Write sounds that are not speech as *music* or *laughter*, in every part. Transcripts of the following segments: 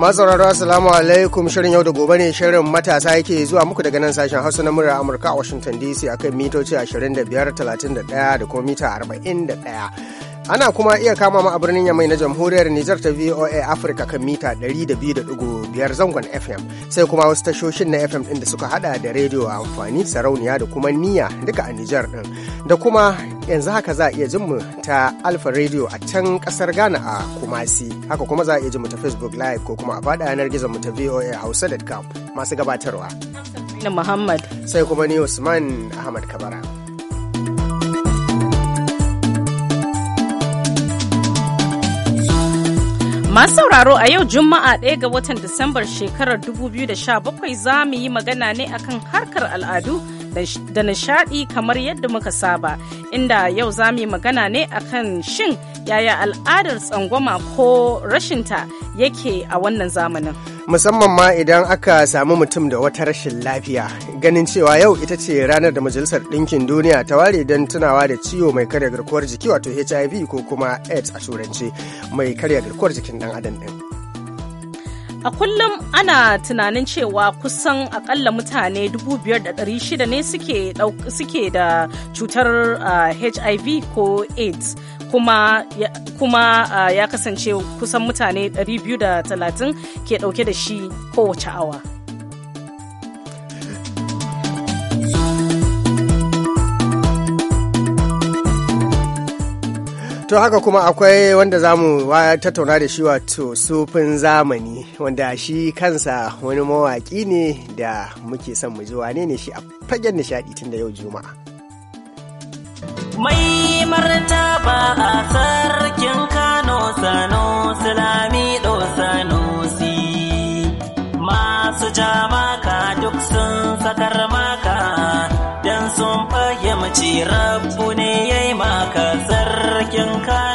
masauraro assalamu alaikum shirin yau da gobe ne shirin matasa yake zuwa muku daga nan sashen hausa na murar amurka a washington dc akan mitoci 25 31 da kuma mita 41 Ana kuma iya kama mu a birnin Yamai na Jamhuriyar Nijar ta VOA Africa kan mita 200.5 zangon FM sai kuma wasu tashoshin na FM ɗin da suka hada da rediyo a amfani sarauniya da kuma niyya duka a Nijar ɗin da kuma yanzu haka za a iya jin mu ta Alfa Radio a can kasar Ghana a Kumasi haka kuma za a iya jin mu ta Facebook Live ko kuma a faɗa yanar gizon mu ta VOA Hausa.com masu gabatarwa. Sai kuma ni Usman Ahmad Kabara. Masu sauraro a yau Juma'a ɗaya ga watan Disambar shekarar 2017 za mu yi magana ne akan harkar al'adu da nishaɗi kamar yadda muka saba, inda yau za mu yi magana ne akan shin yaya al'adar tsangwama ko rashinta yake a wannan zamanin. musamman ma idan aka samu mutum da wata rashin lafiya ganin cewa yau ita ce ranar da majalisar ɗinkin duniya ta ware don tunawa da ciwo mai karya garkuwar jiki wato hiv ko kuma aids a turance mai karya garkuwar jikin ɗan adam ɗin a kullum ana tunanin cewa kusan akalla mutane 5,600 ne suke da cutar uh, ah, hiv ko aids kuma ya, ah, ya kasance kusan mutane 230 ke dauke da shi kowace awa. to haka kuma akwai wanda za mu tattauna da shi wato sufin zamani wanda shi kansa wani mawaki ne da muke son mu ji wane ne shi a fagen nishadi tun da yau juma'a mai martaba a sarkin kano sano sulami sanusi masu jamaka duk sun sakar maka don sun fahimci rabu ne ya yi maka sarkin kano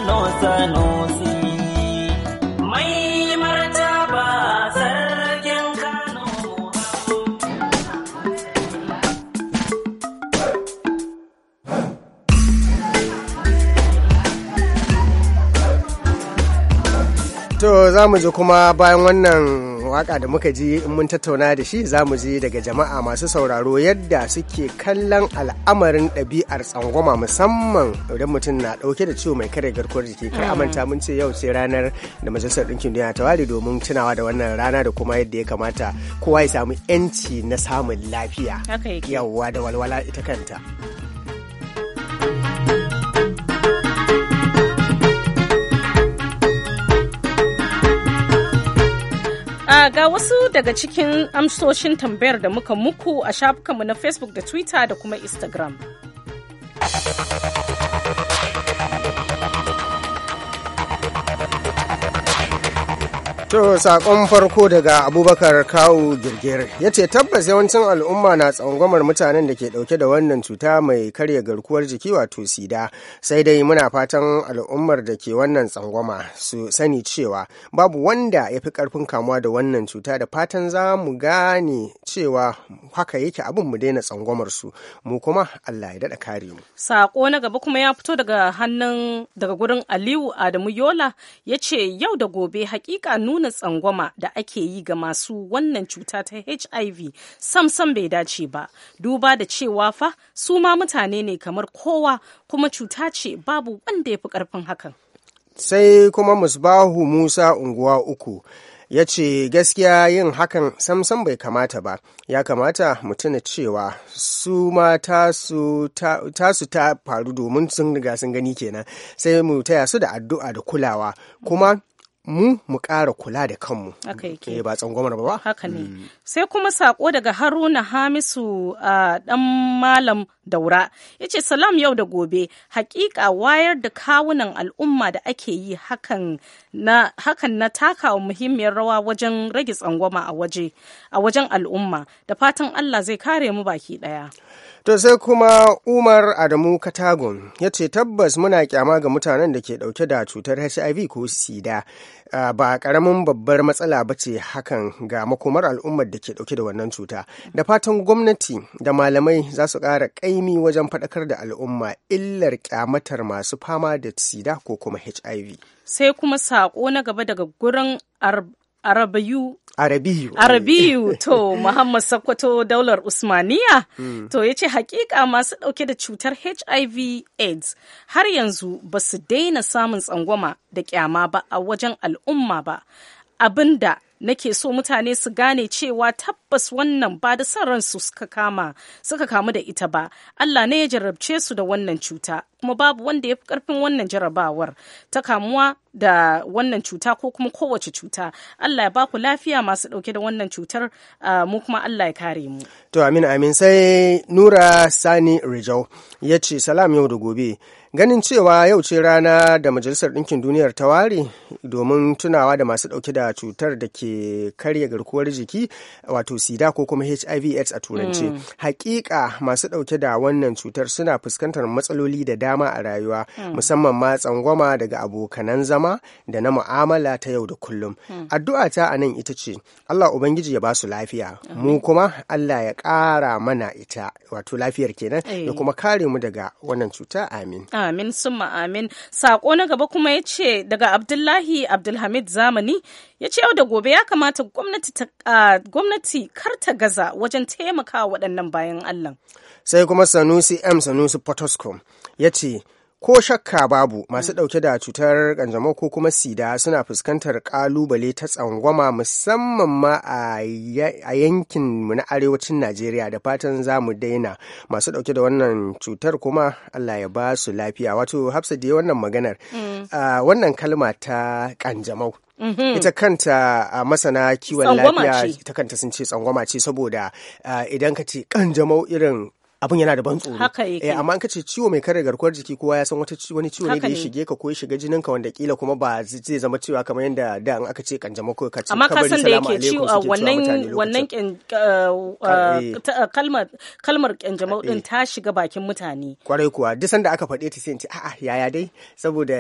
To za mu ji kuma bayan wannan waka da muka ji in mun tattauna da shi za mu ji daga jama'a masu sauraro yadda suke kallon al'amarin ɗabi'ar tsangwama musamman idan mutum na ɗauke da ciwo mai kare garkuwar jiki kar amanta mm. mun ce yau ce ranar da majalisar ɗinkin duniya ta ware domin tunawa da wannan rana da kuma yadda ya kamata kowa ya samu 'yanci na samun lafiya yawwa da walwala ita kanta. A ah, ga wasu daga cikin amsoshin tambayar da muka muku a shafukanmu na facebook da twitter da kuma instagram. To sakon farko daga Abubakar Kawu Girgir ya ce tabbas yawancin al'umma na tsangwamar mutanen da ke dauke da wannan cuta mai karya garkuwar jiki wato sida sai dai muna fatan al'ummar da ke wannan tsangwama su sani cewa babu wanda ya fi karfin kamuwa da wannan cuta da fatan za mu gane cewa haka yake abin mu daina tsangwamar su mu kuma Allah ya daɗa kare mu. Sako na gaba kuma ya fito daga hannun daga gurin Aliyu Adamu Yola ya ce yau da gobe hakika nuna nuna tsangwama da ake yi ga masu wannan cuta ta hiv samsam bai dace ba duba da cewa fa su ma mutane ne kamar kowa kuma cuta ce babu wanda ya fi karfin hakan sai kuma musbahu musa unguwa uku ya ce gaskiya yin hakan samsam bai kamata ba ya kamata mu tuna cewa su ma tasu ta faru domin sun riga sun gani kenan sai mu taya su da addu'a da kulawa kuma mu mu ƙara kula da kanmu haka yake eh, ba tsangwamar ba haka ne mm. sai kuma sako daga haruna hamisu a dan malam daura ya ce salam yau da gobe hakika wayar da kawunan al'umma da ake yi hakan na takawa muhimmiyar rawa wajen rage tsangwama a wajen al'umma da fatan allah zai kare mu baki ɗaya. to sai kuma umar adamu katagun ya ce tabbas muna kyama ga mutanen da ke dauke da cutar hiv ko sida ba karamin babbar matsala ba ce hakan ga makomar al'ummar da ke dauke da wannan cuta da fatan gwamnati da malamai za su ƙara ƙaimi wajen faɗakar da al'umma illar kyamatar masu fama da sida ko kuma hiv sai kuma saƙo na gaba daga gurin Arabiyu. Arabiyu. Arabiyu eh. to *laughs* Muhammad Sakkwato daular Usmaniya. Hmm. To ya ce hakika masu dauke da cutar HIV AIDS har yanzu ba su daina samun tsangwama da kyama ba a wajen al'umma ba. abin da nake so mutane su gane cewa tabbas wannan ba da son ransu suka kama suka kamu da ita ba Allah ne ya jarabce su da wannan cuta kuma babu wanda ya fi karfin wannan jarabawar ta kamuwa da wannan cuta ko kuma kowace cuta Allah ya baku lafiya masu dauke da wannan cutar mu kuma Allah ya kare mu to amin amin sai Nura Sani Rijau ya ce salam yau da gobe ganin cewa yau ce rana da majalisar ɗinkin duniyar ta ware domin tunawa da masu ɗauke da cutar da ke karya garkuwar jiki wato sida ko kuma hiv aids a turanci mm. hakika masu ɗauke da wannan cutar suna fuskantar matsaloli da dama a rayuwa mm. musamman ma tsangwama daga abokanan zama da na mu'amala ta yau da kullum mm. addu'a ta a nan ita ce allah ubangiji ya ba su lafiya mm. mu kuma allah ya ƙara mana ita wato lafiyar kenan ya eh. kuma kare mu daga wannan cuta amin amin summa amin sako na gaba kuma ya ce daga abdullahi abdulhamid zamani ya ce yau da gobe ya kamata gwamnati kar ta gaza wajen taimaka waɗannan bayan allah sai kuma sanusi m sanusi potoscom ya ce ko shakka babu masu mm. ɗauke da cutar kanjamau ko kuma sida suna fuskantar ƙalubale ta tsangwama musamman ma a yankin mu na arewacin najeriya da fatan za mu daina masu ɗauke da wannan cutar kuma allah ya ba su lafiya wato hafsa da wannan maganar mm. wannan kalma ta kanjamau mm-hmm. ita kanta a masana kiwon lafiya ita kanta sun ce tsangwama ce saboda idan ka ce kanjamau irin abin yana da ban tsoro haka yake eh, amma an kace ciwo mai kare garkuwar jiki kowa ya san wata wani ciwo ne da ya shige ka ko ya shiga jinin ka wanda kila kuma ba zai zama ciwo kamar yadda da an aka ce kanjama ko ka ce amma ka san da yake ciwo wannan wannan uh, eh. uh, kalmar kalmar kanjama din eh. ta shiga bakin mutane kwarai kuwa duk sanda aka faɗe ta sai in ce a'a yaya dai saboda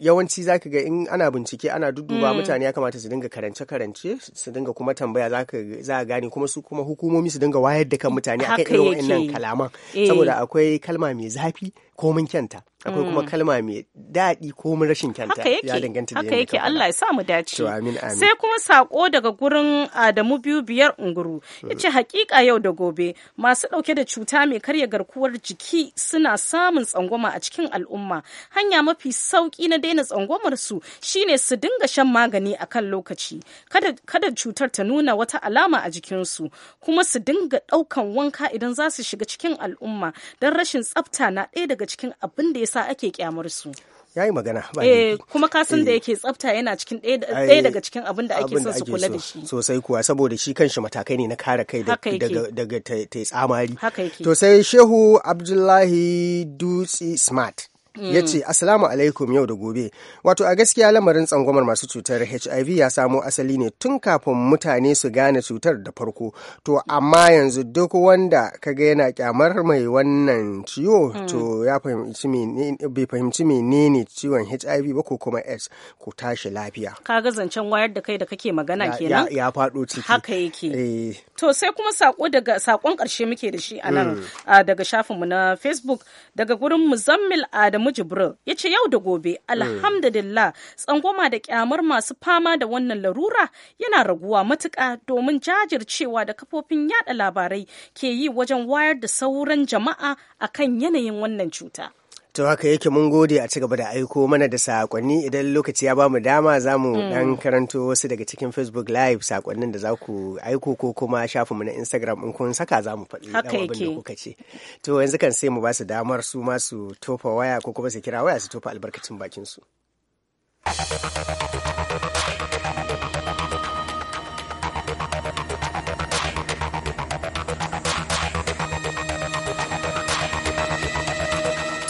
yawanci zaka ga in ana bincike ana dudduba mm. mutane ya kamata su dinga karance karance su dinga kuma tambaya zaka za gane kuma su kuma hukumomi su dinga wayar da kan mutane akan irin wa'annan kalaman eh. saboda akwai kalma mai zafi ko mun kyanta akwai kuma mm. kalma mai daɗi ko rashin kyanta ya danganta da haka yake Allah ya sa mu dace sai kuma sako daga gurin Adamu biyu biyar unguru yace mm-hmm. hakika yau da gobe masu ɗauke da cuta mai karya garkuwar jiki suna samun tsangwama a cikin al'umma hanya mafi sauki na daina tsangwamar su shine su dinga shan magani akan lokaci kada kada cutar ta nuna wata alama a jikin su kuma su dinga ɗaukan wanka idan za su shiga cikin al'umma don rashin tsafta na ɗaya daga cikin abin da ya yasa ake kyamar su ya yi magana eh kuma kasan da eh. yake tsafta yana cikin ɗaya daga cikin abin da ake son su kula da shi sosai kuwa saboda shi kanshi matakai ne na kare kai daga tsamari to sai shehu abdullahi dutsi smart ya mm. ce asalamu alaikum yau da gobe wato a gaskiya lamarin tsangwamar masu cutar hiv ya samo asali ne tun kafin mutane su gane cutar da farko to amma yanzu duk wanda kaga yana kyamar mai wannan ciwo mm. to ya bai fahimci menene ciwon hiv ba ko kuma s ko tashi lafiya kaga zancen wayar da kai da kake magana kenan ya faɗo ciki haka yake eh. to sai kuma sako daga sakon karshe muke da shi a nan mm. daga shafinmu na facebook daga gurin muzammil adamu Adamu Jibril ya ce yau da gobe alhamdulillah tsangwama da kyamar masu fama da wannan larura yana raguwa matuka domin jajircewa da kafofin yada labarai ke yi wajen wayar da sauran jama'a akan yanayin wannan cuta. To haka yake mun gode a cigaba da aiko mana da sakonni idan lokaci ya bamu dama za mu dan mm. karanto wasu daga cikin Facebook live sakonnin da za ku aiko ko kuma shafin mu na Instagram in kun saka za mu faɗi dan abin da kuka ce. To yanzu kan sai mu ba su damar su ma su tofa waya ko kuma su kira waya su tofa albarkacin bakin su.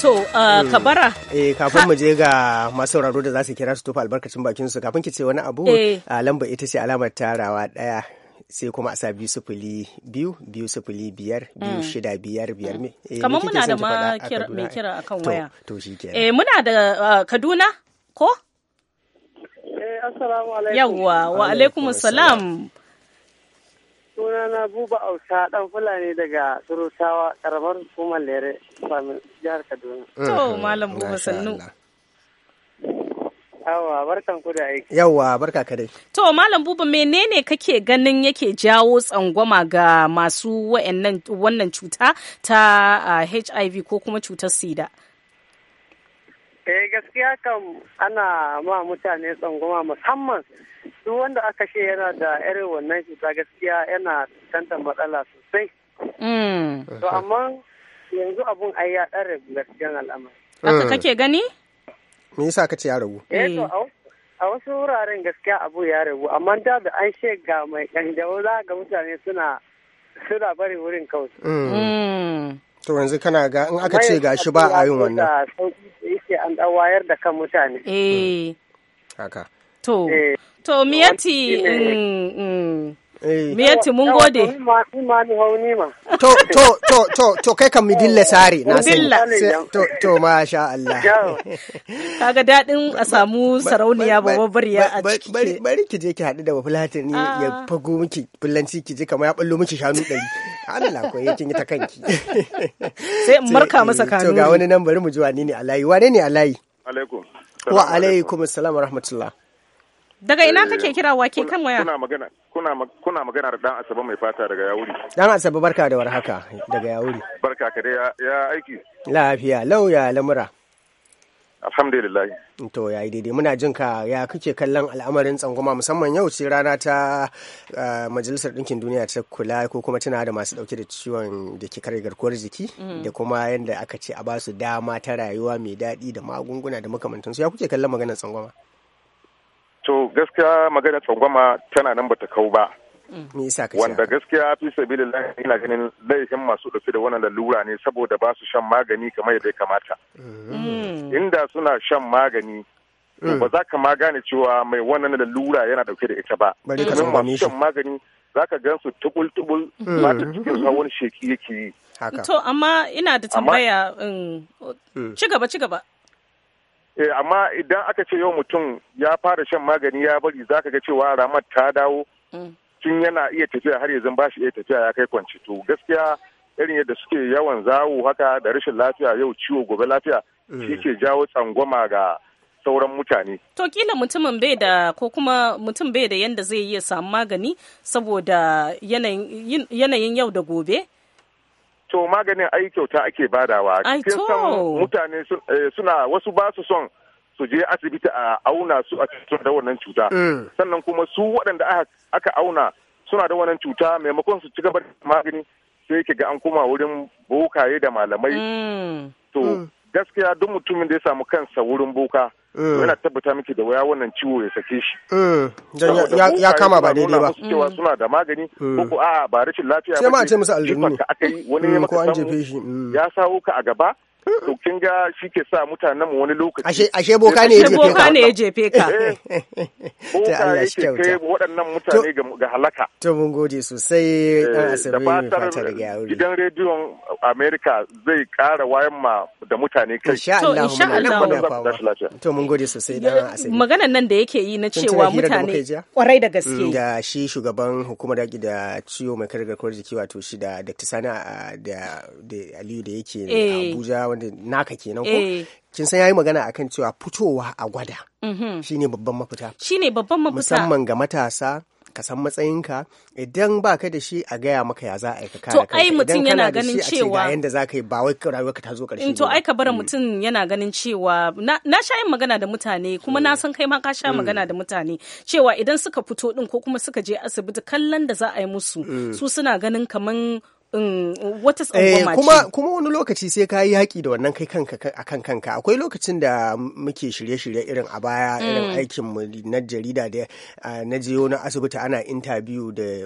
To, uh, mm. kabara. Eh, kafin mu je ga masu sauraro da za su kira su tofa albarkacin bakin su kafin ki ce wani abu eh. lamba ita ce alamar tarawa daya sai kuma a sa biyu sufuli biyu biyu sufuli biyar biyu mm. shida biyar biyar mm. eh, me kamar muna da ma mai kira akan waya to shi ke eh muna da uh, Kaduna ko eh assalamu alaikum yawwa wa alaikum assalam sunana buba ausa dan fulani daga surutawa karamar hukumar lere famin jihar kaduna eh, to malam buba sannu Yawwa barkan ku da aiki. Yawwa barka ka dai. To Malam Buba menene kake ganin yake jawo tsangwama ga masu wannan cuta ta HIV ah, ko kuma cutar sida? eh gaskiya kam ana ma mutane tsangwama musamman duk wanda aka ce yana da irin wannan cuta gaskiya yana tantan matsala sosai mm. to amma yanzu abun ai ya ɗan rabu gaskiyan al'amari haka kake gani me yasa kace ya rabu eh to mm. a wasu wuraren gaskiya abu ya rabu amma da da an ce ga mai kanjawar za ga mutane suna suna bari wurin kawai mm. to yanzu kana ga in aka ce gashi ba a yin wannan yake an dan wayar da kan mutane eh haka to eh. to miyati mm, mm. Eh. miyati mun gode to to to to to kai kan midilla sare na sani to to masha Allah kaga dadin a samu sarauniya babariya a ciki bari ki je ki hadu da bafulatin ya ah. fago miki bullanci ki je kamar ya ballo miki shanu dari *laughs* Allah ko yakin ta kanki *laughs* sai in marka masa eh, kanu to ga wani nan bari mu ji wani ne alayi wane ne alayi alaikum wa alaikum assalam wa rahmatullah daga ina eh, kake kira ke kan waya kuna magana kuna kuna magana da dan asaba mai fata daga yawuri dan asaba barka da warhaka daga yawuri barka ka dai ya aiki lafiya lauya lamura alhamdulillah to yayi daidai muna jin ka ya kake kallon al'amarin tsangwama musamman yau ce rana ta ah, majalisar ɗinkin duniya ta kula ko kuma tana da masu ɗauke da ciwon da ke kare garkuwar jiki mm-hmm. da kuma yadda aka ce a basu dama ta rayuwa mai daɗi da magunguna da makamantansu ya kuke kallon maganar tsangwama to gaskiya maganar tsangwama tana nan bata kau ba me yasa ka wanda gaskiya fi sabilillah ina ganin laifin masu dauke da wannan lalura ne saboda ba su shan magani kamar yadda ya kamata mm. inda suna shan magani mm. ba za ka ma gane cewa mai wannan lalura yana dauke da ita ba Bari ka shan magani za ka gan su tubul-tubul mm. ba ta cikin hawan sheki yake yi. To, amma ina da tambaya um, ci gaba ci gaba. Eh, amma idan aka ce yau mutum ya fara shan magani ya bari za ka ga cewa ramar ta dawo tun yana iya tafiya har yanzu ba shi iya tafiya ya kai kwanci to gaskiya irin yadda suke yawan zawo haka da rashin lafiya yau ciwo gobe lafiya shi eh. ke jawo tsangwama ga sauran mutane. To kila mutumin bai da ko kuma mutum bai da yanda zai iya samu magani saboda yanayin yau da gobe? To maganin ai kyauta ake badawa. Ai to. mutane eh, suna wasu ba su son su je asibiti a auna su a cikin da wannan cuta eh. sannan kuma su waɗanda aka auna suna da wannan cuta maimakon su ci gaba da magani sai ki ga an koma wurin bokaye da malamai mm. to mm. gaskiya duk mutumin da ya samu kansa wurin boka eh. yana tabbata miki da waya wannan ciwo ya sake shi eh. ya kama ba daidai ba cewa mm. suna da magani ko ko a'a ba rashin lafiya ba sai ma ce musu aljinnu ko aka yi wani ya sawo ka a gaba to kin ga shi ke sa mutanen mu wani lokaci ashe boka ne ya jefe ka eh, *laughs* boka ne ya ka boka ya ke kai waɗannan mutane ga halaka to mun gode sosai dan eh, asabe mai fata daga yauri gidan rediyon America zai ƙara wayan ma da mutane kai insha Allah insha Allah to mun gode sosai dan asabe maganan nan da yake yi na cewa mutane kwarai da gaske mm, da shi shugaban hukumar daki da ciwo mai kare garkuwar jiki wato shi da Dr. Sani da Aliyu da yake eh. Abuja wanda naka kenan ko eh. kin san yayi magana akan cewa fitowa a gwada mm-hmm. shine babban mafita shine babban mafita musamman ga matasa ka san matsayinka idan ba ka da shi a gaya maka ya za a aika kare kana da shi a ce ga yanda za ka yi ba wai rayuwarka ta zo karshe mm, to ai ka bara mm. mutum yana ganin cewa na sha yin magana da mutane kuma na mm. san kai ma ka sha magana da mutane cewa idan suka fito din ko kuma suka je asibiti kallon da za a yi musu su suna ganin kaman Mm, eh, kuma kuma wani lokaci sai ka yi haƙi da wannan kai kanka akan kanka akwai lokacin da muke shirye-shirye irin a baya irin mm. aikin mu na jarida da na je wani asibiti ana interview da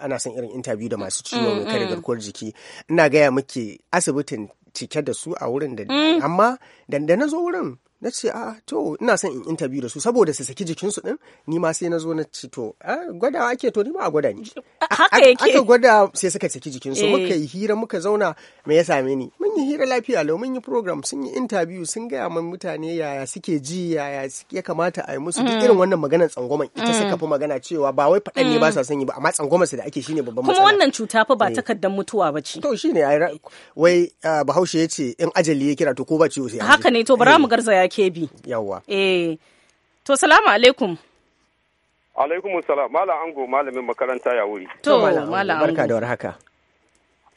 ana son irin interview da masu ciwon mm, kare garkuwar jiki ina gaya muke asibitin cike da su a wurin da amma da zo wurin na ce a to ina son in interview da su saboda su saki jikinsu din ni ma sai na zo na ce to gwada ake to ni ma a gwada ni *laughs* haka yake aka gwada sai suka saki jikinsu eh. muka yi hira muka zauna me ya same ni mun yi hira lafiya lau mun yi program sun yi interview sun gaya min mutane yaya suke ji yaya ya kamata a yi musu duk mm. irin wannan maganar tsangwaman ita suka mm. fi magana cewa ba wai faɗan ne ba mm. sa son yi ba amma tsangwaman su da ake shine babban matsala kuma wannan cuta fa ba eh. takardar mutuwa ba ce to shine wai bahaushe ya ce in ajali ya kira to ko ba ciwo sai haka ne to bara mu eh. garzaya kebi Yawwa. eh to salamu alaikum alaikum salam Mala ango malamin makaranta ya wuri to Mala ango barka da warhaka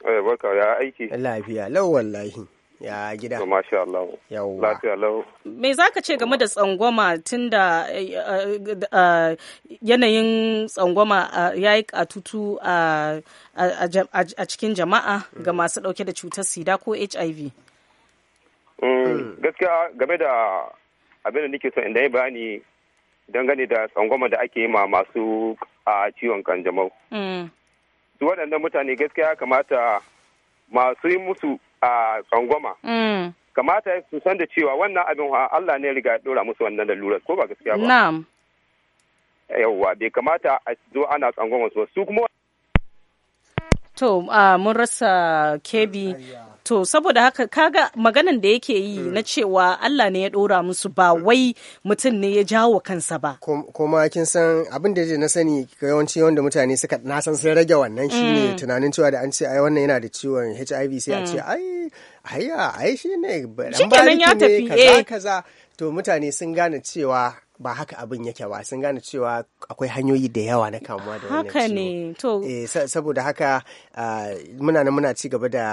eh barka ya aiki lafiya lau wallahi ya gida Ma sha Allah Yawwa. lafiya lau me za ka ce game da tsangwama tun da eh, eh, yanayin tsangwama eh, ya yi katutu a cikin jama'a ga masu dauke da cutar sida ko HIV Mm, mm. gaskiya game da abin da nake son inda ya bani dangane da tsangwama da ake yi ma masu a ciwon kanjamau su mm. waɗannan mutane gaskiya kamata masu yi musu a tsangwama kamata su san da cewa wannan abin ha Allah ne riga ɗora musu wannan lalurar ko ba gaskiya ba na'am yawwa bai kamata a zo ana tsangwama su su kuma To, mun rasa kebi to saboda haka kaga maganan da yake yi mm. na cewa Allah ne ya dora musu ba wai mutum ne ya jawo kansa ba kuma kin san abin da na sani yawanci wanda mutane suka na san sun rage wannan shine mm. tunanin cewa da an ce ai wannan yana da ciwon HIV sai a ce mm. ai ai shine ba ya tafi kaza eh. kaza to mutane sun gane cewa ba haka abin yake ba sun gane cewa akwai hanyoyi da yawa na kamuwa da wannan haka ne to eh saboda haka ah, muna nan muna ci gaba da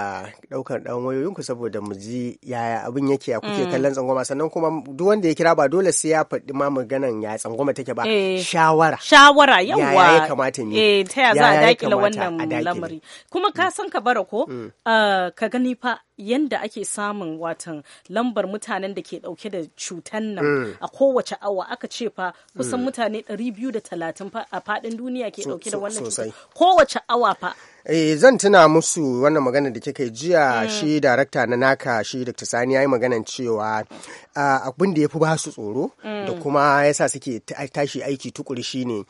daukar dan wayoyin ku saboda mu ji yaya abin yake ya kuke mm. kallon tsangoma. sannan kuma duk wanda ya kira ba dole sai ya faɗi ma maganan ya tsangoma take ba eh. shawara shawara yawa yaya ya kamata ne eh ta ya za a dakile wannan lamari kuma ka mm. san ka bara ko mm. ah, ka gani fa yanda ake samun watan lambar mutanen da ke dauke da cutan nan eh. a kowace awa aka ce fa kusan eh. mutane 230 a fadin duniya ke dauke da wannan cutar kowace awa fa Eh, zan tuna musu wannan magana da kika jiya hmm. shi darakta na naka shi dr sani ya yi maganan cewa ah, abin da ya fi ba su tsoro hmm. da kuma yasa suke tashi aiki tukuri shine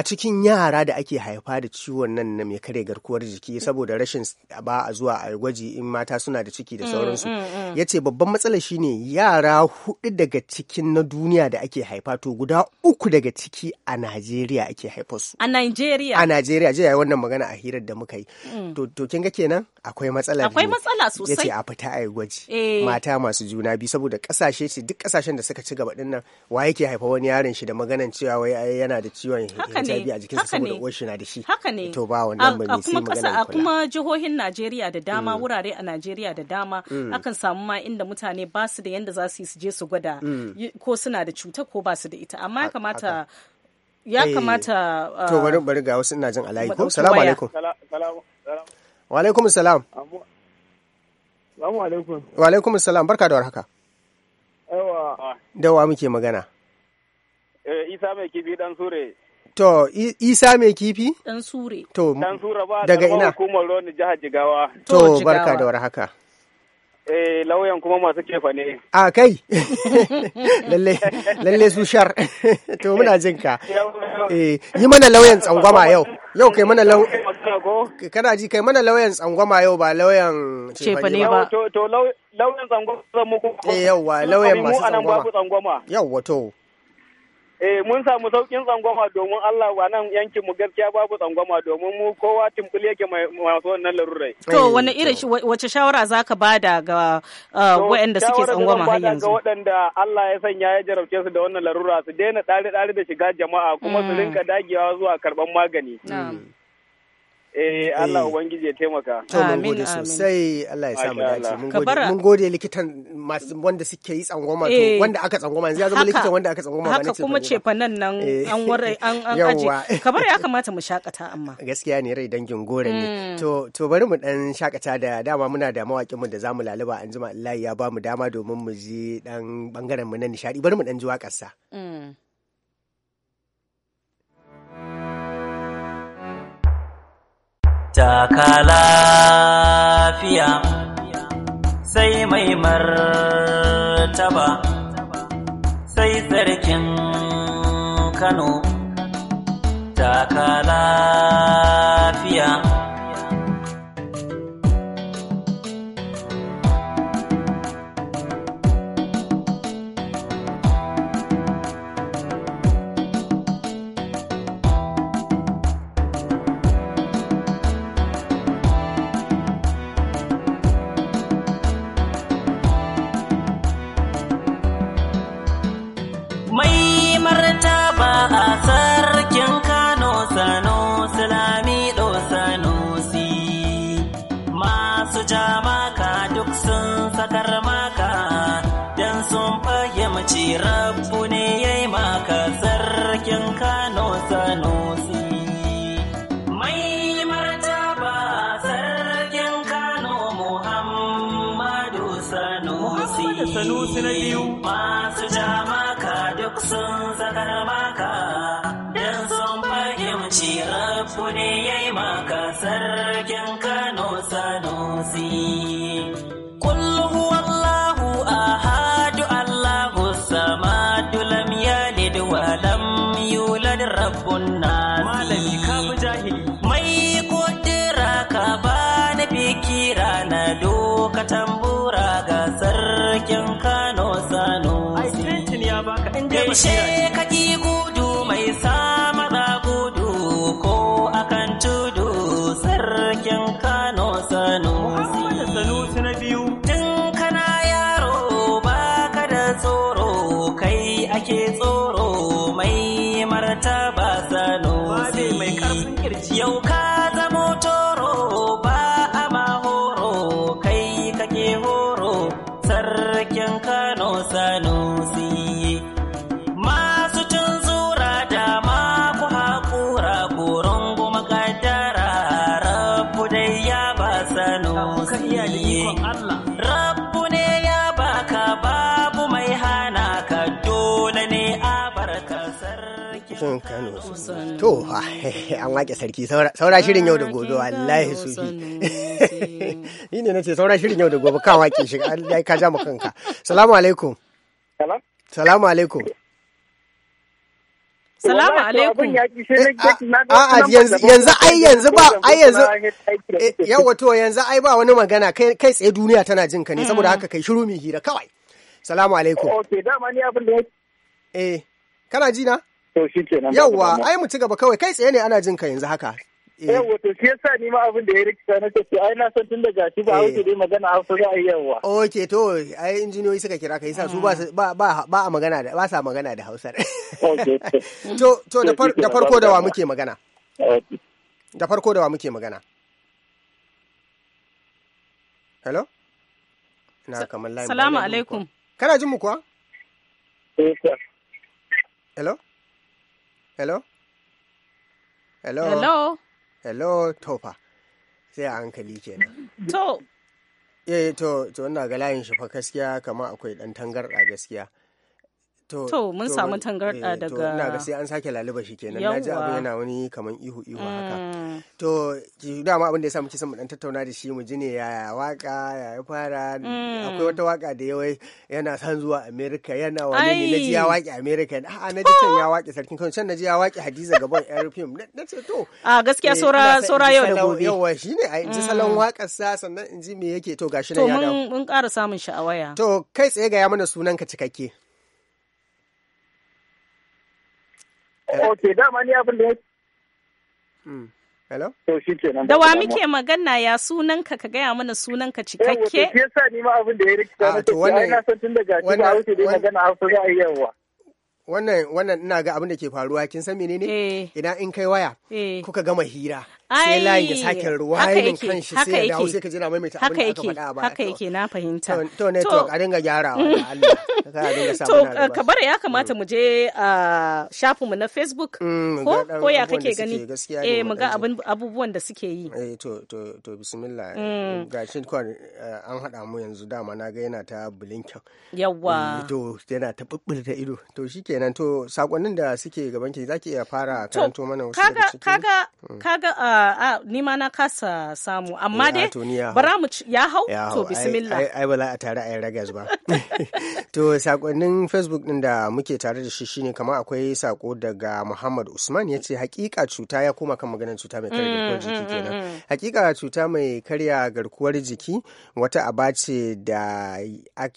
a cikin yara da ake haifa da ciwon nan na mai kare garkuwar jiki saboda rashin ba a zuwa a gwaji in mata suna da ciki da mm, sauransu mm, mm. ya ce babban matsala shine yara hudu daga cikin na duniya da ake haifa to guda uku daga ciki a najeriya ake su. a najeriya a najeriya jiya wannan magana a hirar da muka yi to kin ga kenan akwai matsala akwai matsala sosai yace a fita a gwaji eh. mata masu juna biyu saboda kasashe ce duk kasashen da suka ci gaba dinnan wa yake haifa wani yaron shi da maganan cewa wai yana da ciwon hijabi a jikinsa saboda uwar shi na da shi haka ne to ba wannan ba sai magana a kuma jihohin Najeriya da dama mm. wurare a Najeriya da dama mm. akan samu ma inda mutane ba su da yanda za su yi su je su gwada mm. ko suna da cuta ko ba su da ita amma ya kamata ya eh, kamata uh, to bari bari ga wasu ina jin alayi ko salamu alaikum wa alaikum salam wa alaikum salam barka da warhaka yawa da wa muke magana eh, Isa mai kifi dan sure. To, Isa mai kifi? Dan Sure. To, Dan Sure ba daga ina? hukumar Roni jihar Jigawa. To, barka da warhaka. Eh, lauyan kuma masu kefa ne. A kai, *laughs* lalle, lalle su shar, *laughs* to muna jin ka. Eh, yi mana lauyan tsangwama yau, yau kai mana lauyan, kana ji kai mana lauyan tsangwama yau ba lauyan cefa ne ba. To, lauyan tsangwama zan muku. Eh, yauwa, lauyan masu tsangwama. Yauwa, to. Eh mun samu saukin tsangwama domin Allah wa nan yankin mu gaskiya babu tsangwama domin mu kowa timbul yake masu wannan larurai. To wani irin wace shawara zaka bada ga uh, waɗanda suke tsangwama har yanzu? Ga waɗanda Allah ya sanya ya jarabce su da wannan larura su daina ɗari-ɗari da shiga jama'a kuma su mm. rinka dagewa zuwa karban magani. Eh Allah eh. Ubangiji ya taimaka. To mun gode sosai Allah ya sa mu dace. Mun gode likitan wanda suke yi tsangoma, to eh. wanda aka tsangoma yanzu ya zama likitan wanda aka tsangoma. Haka kuma ce fa nan nan eh. an warai an *laughs* aje. Kabar ya kamata mu shakata amma. *laughs* Gaskiya ne rai dangin gore ne. Mm. To to bari mu dan shakata da dama muna da mawakin mu da zamu laluba jima Allah ya ba mu dama domin mu ji dan bangaren mu na nishadi bari mu dan ji waƙar sa. Mm. taka lafiya sai mai martaba sai sarkin kano taka lafiya Ci rabu ne ya yi maka sarkin kano Sanosi. mai ba sarkin kano muhammadu sanusi biyu masu jamaka duk sun zakar maka don sun fahimci rabu ne ya yi maka sarkin kano sanusi yaushe ka gudu mai sama gudu ko akan tudu sarkin kano sanusi sanusi na biyu tun kana yaro baka da tsoro kai ake tsoro To, an wake sarki *laughs* saura shirin yau da gobe wallahi sufi. Ni ne na ce saura shirin yau da gobe ka wake shi Allah ka ja mu kanka. Salamu alaikum. Salamu alaikum. Salamu alaikum. A'a eh, ah, ah, yanzu ai yanzu ba ai yanzu yawa to yanzu ai ba wani magana kai tsaye duniya tana jin ka ne saboda mm. haka kai shiru mai hira kawai. Salamu alaikum. Okay, dama ni abin da Eh, kana ji na? To shi kenan. Yawwa, ai mu ci gaba kawai kai tsaye ne ana jin ka yanzu haka. Eh. Yawwa, to shi yasa ni ma abin da ya rikita na ce ai na san tun da shi ba wuce eh. dai magana a Hausa za a yi yawwa. Okay, to ai injiniyoyi suka kira ka yasa su ba mm. ba ba a magana da ba sa magana da Hausa. Okay. *laughs* To to da farko da wa muke magana? Da farko da wa muke magana? Hello? Na kamar Salamu alaikum. Kana jin mu kuwa? Eh, Hello? hello hello hello hello Topa. sai a hankali kenan to eh to to ina ga layin shi fa gaskiya kamar akwai ɗan tangarɗa gaskiya to mun samu tangarɗa eh, daga ina ga sai an sake laluba shi kenan na ji abu yana wani kaman ihu ihu haka mm. to dama abin da ya sa muke son mu dan tattauna da shi mu ji ne ya waka ya fara mm. akwai wata waka da yawai yana san zuwa America yana wani ne naji ya waki America a'a naji can ya waki sarkin kan can naji ya waki Hadiza gaban yar film ce to a gaskiya eh, sora sora yau da gobe yawa shine a ji salon mm. wakar sa sannan in ji me yake to gashi na ya dawo to mun mun ƙara samun sha'awaya to kai tsaye ga ya mana sunan ka cikakke Eh. dawa hmm. muke magana ya sunanka ka gaya mana sunanka eh, cikakke? Eh, wannan ina ga abin da ke faruwa kin san menene? Eh. Idan in kai waya kuka gama hira sai layin ya sake ruwayin shi sai ya dawo sai ka jira maimaita abin da aka faɗa ba haka yake na fahimta to network a dinga gyara wa *laughs* to ka bar ya kamata mu je a shafin mu na Facebook mm, ko ko ya kake gani eh mu ga abubuwan da suke yi eh to to to bismillah mm. ga shi eh, an haɗa mu yanzu dama na ga yana ta blinking. yawa eh, to yana ta bubburta ido to shikenan to sakonnin da suke gaban ki zaki iya fara karanto mana wasu kaga kaga mm. kaga a ni ma na kasa samu amma eh, dai bara mu ya hau to bismillah ai wala a tare ai ragas ba *laughs* to sakonnin facebook din da muke tare da shi shine kamar akwai sako daga Muhammad Usman ya ce hakika cuta ya koma kan maganar cuta mai karya garkuwar mm, jiki mm, mm, kenan hakika cuta mai karya garkuwar jiki wata aba ce da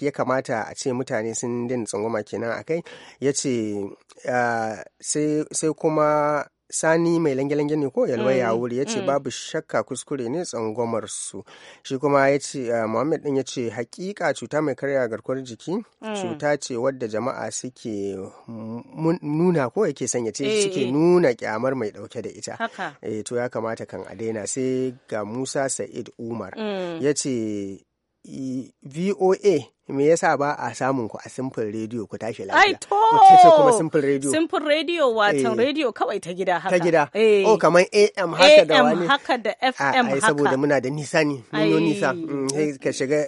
ya kamata a ce mutane sun din tsangwama kenan akai ya ce ah, sai kuma sani mai lange-lange ne ko yalwai mm, ya wuri ya ce mm. babu shakka kuskure ne tsangwamar su shi kuma ya ce eh, muhammad din ya ce hakika cuta mai karya garkuwar jiki mm. cuta ce wadda jama'a suke nuna ko yake sanya ce eh, suke eh. nuna kyamar mai dauke da ita to ya kamata kan a daina sai ga musa sa'id umar ya ce voa me yasa ba a samun ku a simple radio ku tashi lafiya ai to kuma simple radio simple radio watan eh. radio kawai ta gida haka ta gida eh. oh kamar am haka da wani a.m. haka da ah, fm haka saboda muna da nisa ne mun yi nisa mm, sai ka shiga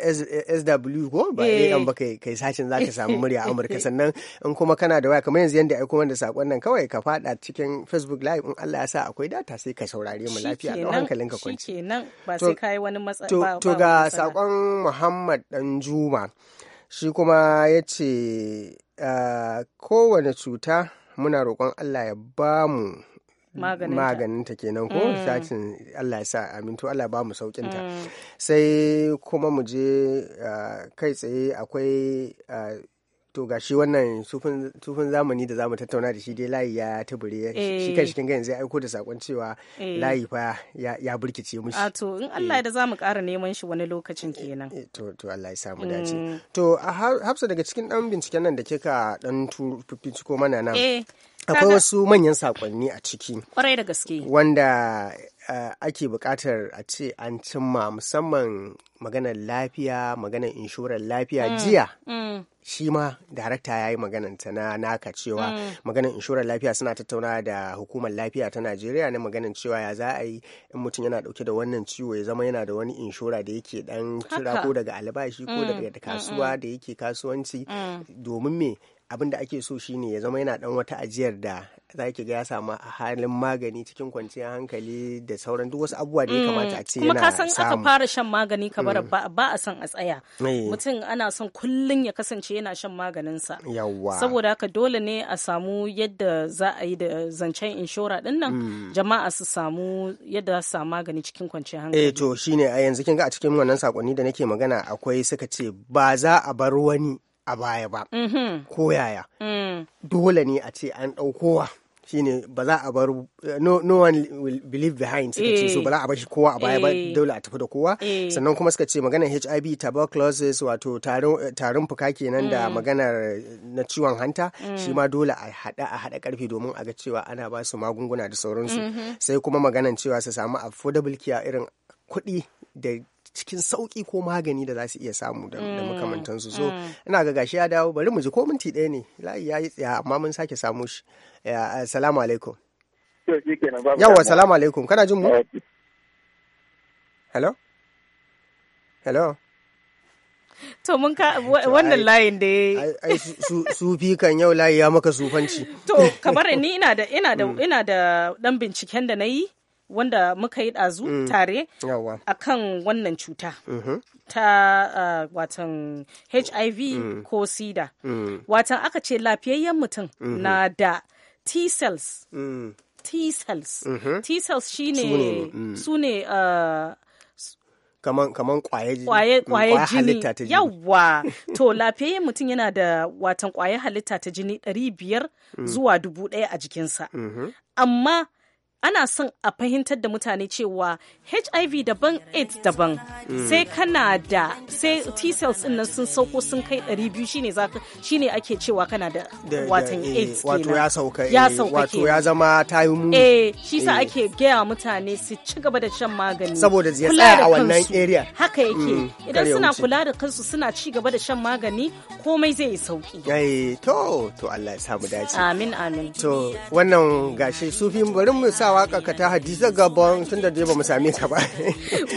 sw ko ba eh. am ba kai kai sacin zaka samu murya amurka sannan in kuma kana da waya kamar yanzu yanda ai kuma da sakon nan kawai ka fada cikin facebook live in Allah ya sa akwai data sai ka saurare mu lafiya don hankalinka kwanci shikenan ba sai kai wani ba to ga sakon Muhammad dan Juma shi kuma ya ce kowane cuta muna roƙon allah ya ba mu maganinta kenan ko mm. sacin Allah ya sa amintu Allah ba mu saukinta mm. sai kuma mu je kai tsaye akwai to ga shi wannan tufin zamani da zamu tattauna da shi dai layi ya tabure shi eh. kan shi ga yanzu ya aiko da sakon cewa eh. layi fa ya burkice mushi a to in Allah eh. da zamu kara neman shi wani lokacin kenan to to Allah ya samu dace mm. to hafsa daga cikin dan binciken nan da kika dan ciko mana nan akwai wasu manyan sakonni a ciki kwarai da gaske wanda ake buƙatar a ce an cimma musamman maganar lafiya maganar inshorar lafiya mm. jiya mm. shi ma darakta ya yi ta na naka cewa mm. maganar inshorar lafiya suna tattauna da hukumar lafiya ta najeriya na maganin cewa ya za a yi in mutum yana dauke da wannan ciwo ya zama yana da wani inshora da yake dan kira ko daga albashi ko mm. daga kasuwa da yake kasuwanci domin me abin da ake so shine ya zama yana dan wata ajiyar da za ki ga ya samu a halin magani cikin kwanciyar hankali da sauran duk wasu abubuwa da ya mm, kamata a ce yana samu. Kuma ka san aka fara shan magani kamar mm. ba a san a tsaya. Eh. Mutum ana son kullum ya kasance yana shan maganinsa. Yawwa. Saboda haka dole ne a samu yadda za a yi da zancen inshora din nan mm. jama'a su samu yadda za su samu magani cikin kwanciyar hankali. Eh to shine a yanzu kin ga a cikin wannan sakonni da nake magana akwai suka ce ba za a bar wani a baya ba. Mm-hmm. Ko yaya. Dole ne a ce an ɗaukowa. shine ba za a bar no, one will believe behind suka ce so eh. ba za a bar shi kowa a baya ba eh. dole a tafi da kowa eh. sannan kuma suka ce maganar HIV tuberculosis wato tarin fuka kenan da mm. maganar na ciwon hanta mm. shi ma dole a hada a hada karfi domin a ga cewa ana ba su magunguna da sauransu mm-hmm. sai kuma maganar cewa su samu affordable care irin kuɗi da cikin sauki ko magani da za su iya samu da mm, makamantansu so mm. ina ga gashi ya dawo bari mu ji ko minti ɗaya ne layi ya yi tsaya amma mun sake samu shi salamu alaikum yawwa salamu alaikum kana jin mu hello hello To mun ka wannan layin da ya sufi kan yau layi ya maka sufanci. To kamar ni ina da ina da *laughs* mm. ina da dan binciken da na yi wanda muka yi ɗazu mm. tare a kan wannan cuta mm -hmm. ta uh, watan hiv mm. ko sida mm. watan aka ce lafiyayyen mutum -hmm. na da t-cells mm. t-cells -hmm. t-cells shine su ne mm. uh, kaman kaman kwaye jini yawa to lafiyayyen mutum yana da watan kwaye halitta ta jini 500 zuwa 1000 a jikinsa mm-hmm. amma ana son a fahimtar da mutane cewa hiv daban aids daban sai kana da sai t-cells din nan sun sauko sun kai 200 shine shine ake cewa kana da watan eh, aids wato ya sauka ya eh, sauka wato ya zama tayi mu eh shi sa eh. ake gaya mutane su ci gaba da shan magani saboda ya tsaya a wannan area haka yake mm, idan suna kula da kansu suna ci gaba da shan magani komai zai yi sauki eh to to Allah ya samu dace amin amin to wannan gashi sufi bari mu sa waka ka ta Hadiza Gabon tun da ba mu same ka ba.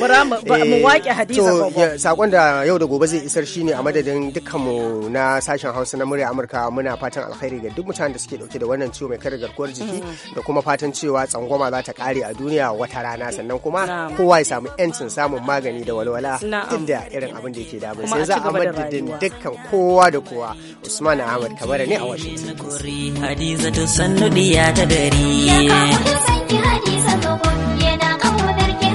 Bura mu eh, waƙe Hadiza Gabon. Sakon da yau da gobe zai isar shi ne a madadin dukkanmu na sashen Hausa na murya Amurka muna fatan alkhairi ga duk mutanen da suke dauke da wannan ciwo mai kare garkuwar jiki mm-hmm. da kuma fatan cewa tsangwama za ta kare a duniya wata rana sannan kuma kowa ya samu yancin samun magani da walwala duk da irin abin da yake damun sai za a madadin dukkan kowa da kowa Usman Ahmad Kabara ne a Washington. Hadiza ta sannu ta jihadi sannan yana gina